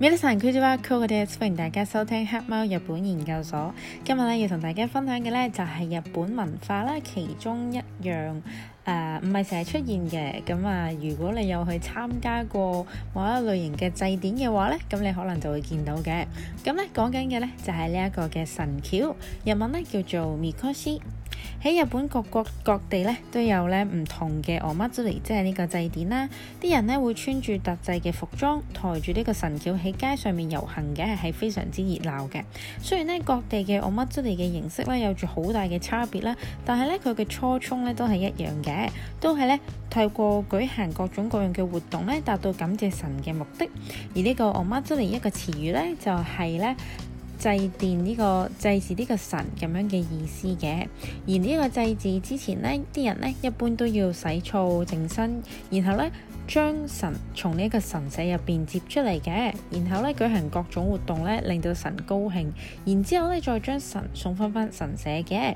每週三、週四播，歡迎大家收聽黑貓日本研究所。今日要同大家分享嘅呢就係日本文化啦，其中一樣。誒唔係成日出現嘅，咁啊，如果你有去參加過某一類型嘅祭典嘅話呢，咁你可能就會見到嘅。咁呢，講緊嘅呢，就係呢一個嘅神轎，日文呢叫做 Mikoshi。喺日本各國各地呢，都有呢唔同嘅 omatsuri，即係呢個祭典啦。啲人呢會穿住特製嘅服裝，抬住呢個神轎喺街上面遊行嘅，係非常之熱鬧嘅。雖然呢，各地嘅 omatsuri 嘅形式呢，有住好大嘅差別啦，但係呢，佢嘅初衷呢，都係一樣嘅。都係咧，透過舉行各種各樣嘅活動咧，達到感謝神嘅目的。而呢個我媽之連一個詞語咧，就係、是、咧祭奠呢，這個祭祀呢個神咁樣嘅意思嘅。而呢個祭祀之前呢，啲人呢一般都要洗澡淨身，然後咧，將神從呢個神社入邊接出嚟嘅，然後咧舉行各種活動咧，令到神高興，然之後咧再將神送翻返神社嘅。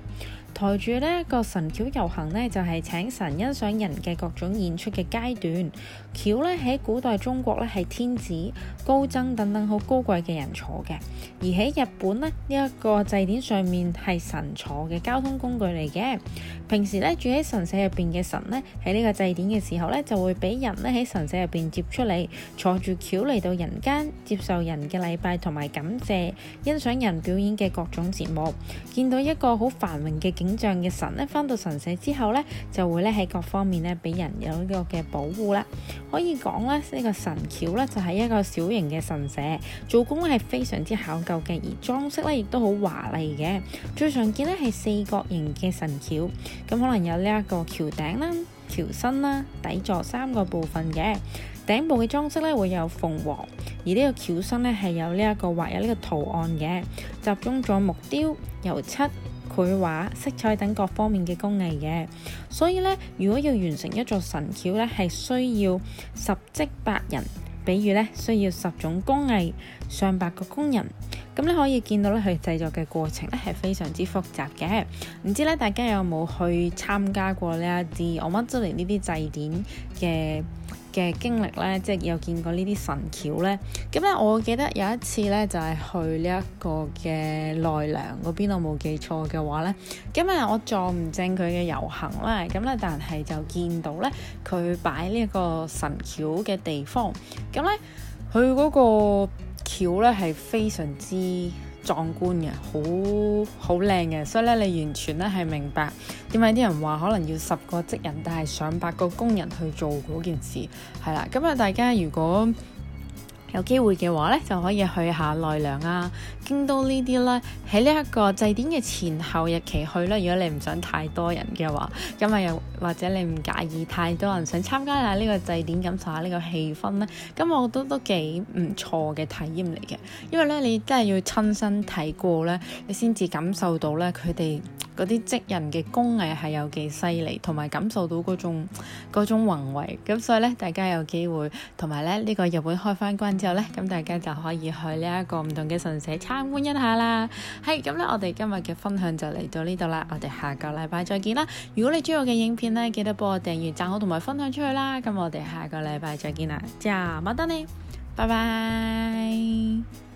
抬住呢一個神轎遊行咧，就係、是、請神欣賞人嘅各種演出嘅階段。轎咧喺古代中國咧係天子、高僧等等好高貴嘅人坐嘅，而喺日本咧呢一個祭典上面係神坐嘅交通工具嚟嘅。平時咧住喺神社入邊嘅神咧喺呢個祭典嘅時候咧就會俾人咧喺神社入邊接出嚟，坐住轎嚟到人間接受人嘅禮拜同埋感謝欣賞人表演嘅各種節目，見到一個好繁榮嘅景。影像嘅神咧，返到神社之後咧，就會咧喺各方面咧俾人有呢個嘅保護啦。可以講咧，呢、這個神轎咧就係一個小型嘅神社，做工咧係非常之考究嘅，而裝飾咧亦都好華麗嘅。最常見咧係四角形嘅神轎，咁可能有呢一個轎頂啦、轎身啦、底座三個部分嘅。頂部嘅裝飾咧會有鳳凰，而呢個轎身咧係有呢、這、一個畫有呢個圖案嘅，集中咗木雕、油漆。繪畫、色彩等各方面嘅工藝嘅，所以呢，如果要完成一座神轎呢，係需要十職百人，比如呢，需要十種工藝、上百個工人，咁你可以見到咧佢製作嘅過程咧係非常之複雜嘅。唔知咧大家有冇去參加過呢一啲お祭り呢啲祭典嘅？嘅經歷呢，即係有見過呢啲神轎呢。咁咧，我記得有一次呢，就係、是、去呢一個嘅奈良嗰邊，我冇記錯嘅話呢，咁啊我撞唔正佢嘅遊行啦，咁咧但係就見到呢，佢擺呢一個神轎嘅地方，咁呢，佢嗰個轎咧係非常之壯觀嘅，好好靚嘅，所以咧你完全咧係明白點解啲人話可能要十個職人，但係上百個工人去做嗰件事。係啦，咁啊，大家如果～有機會嘅話呢就可以去下奈良啊、京都這些呢啲啦。喺呢一個祭典嘅前後日期去咧，如果你唔想太多人嘅話，咁啊又或者你唔介意太多人，想參加下呢個祭典，感受下呢個氣氛呢。咁我覺得都幾唔錯嘅體驗嚟嘅。因為呢，你真係要親身睇過呢，你先至感受到呢佢哋。嗰啲職人嘅工藝係有幾犀利，同埋感受到嗰種，種宏偉。咁所以呢，大家有機會，同埋咧呢、這個日本開返關之後呢，咁大家就可以去呢一個唔同嘅神社參觀一下啦。係咁呢，我哋今日嘅分享就嚟到呢度啦，我哋下個禮拜再見啦。如果你中意我嘅影片呢，記得幫我訂閱、讚好同埋分享出去啦。咁我哋下個禮拜再見啦，之後得你，拜拜。